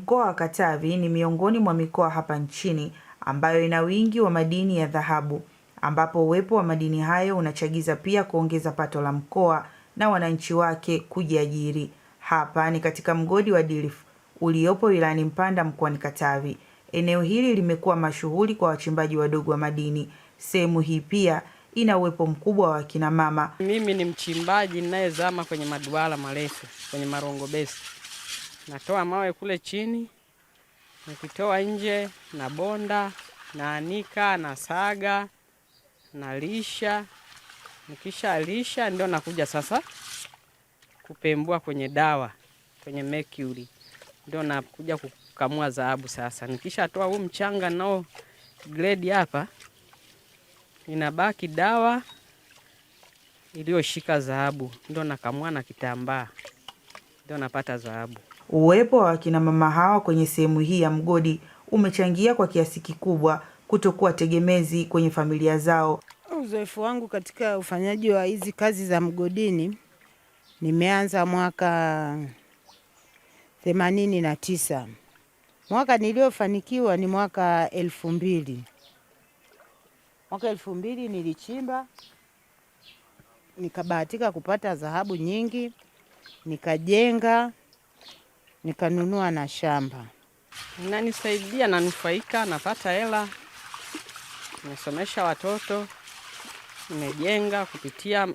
Mkoa wa Katavi ni miongoni mwa mikoa hapa nchini ambayo ina wingi wa madini ya dhahabu, ambapo uwepo wa madini hayo unachagiza pia kuongeza pato la mkoa na wananchi wake kujiajiri. Hapa ni katika mgodi wa Dilif uliopo wilayani Mpanda mkoani Katavi. Eneo hili limekuwa mashuhuri kwa wachimbaji wadogo wa madini. Sehemu hii pia ina uwepo mkubwa wa kina mama. Mimi ni mchimbaji ninayezama kwenye maduara marefu kwenye Marongo Besi natoa mawe kule chini, nikitoa nje na bonda naanika na saga nalisha, nikisha lisha ndio nakuja sasa kupembua kwenye dawa kwenye mercury, ndio nakuja kukamua dhahabu sasa. Nikishatoa huu mchanga nao grade hapa, inabaki dawa iliyoshika dhahabu, ndio nakamua na kitambaa ndio napata dhahabu. Uwepo wa wakina mama hawa kwenye sehemu hii ya mgodi umechangia kwa kiasi kikubwa kutokuwa tegemezi kwenye familia zao. Uzoefu wangu katika ufanyaji wa hizi kazi za mgodini nimeanza mwaka themanini na tisa. Mwaka niliyofanikiwa ni mwaka elfu mbili. Mwaka elfu mbili nilichimba nikabahatika kupata dhahabu nyingi nikajenga, nikanunua na shamba, nanisaidia, nanufaika, napata hela, nimesomesha watoto, nimejenga kupitia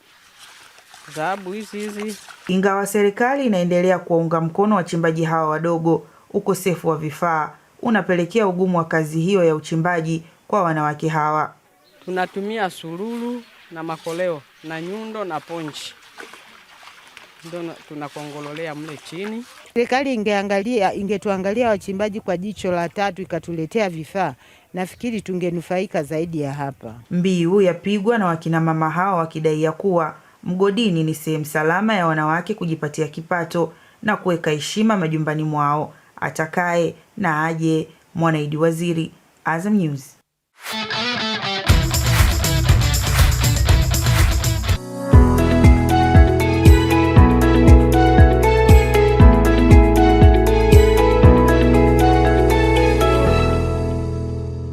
dhahabu hizi hizi. Ingawa serikali inaendelea kuwaunga mkono wachimbaji hawa wadogo, ukosefu wa vifaa unapelekea ugumu wa kazi hiyo ya uchimbaji kwa wanawake hawa. Tunatumia sururu na makoleo na nyundo na ponchi ndio tunakongololea mle chini. Serikali ingeangalia, ingetuangalia wachimbaji kwa jicho la tatu, ikatuletea vifaa, nafikiri tungenufaika zaidi ya hapa. Mbiu yapigwa na wakinamama hawa wakidai ya kuwa mgodini ni sehemu salama ya wanawake kujipatia kipato na kuweka heshima majumbani mwao, atakaye na aje. Mwanaidi Waziri, Azam News.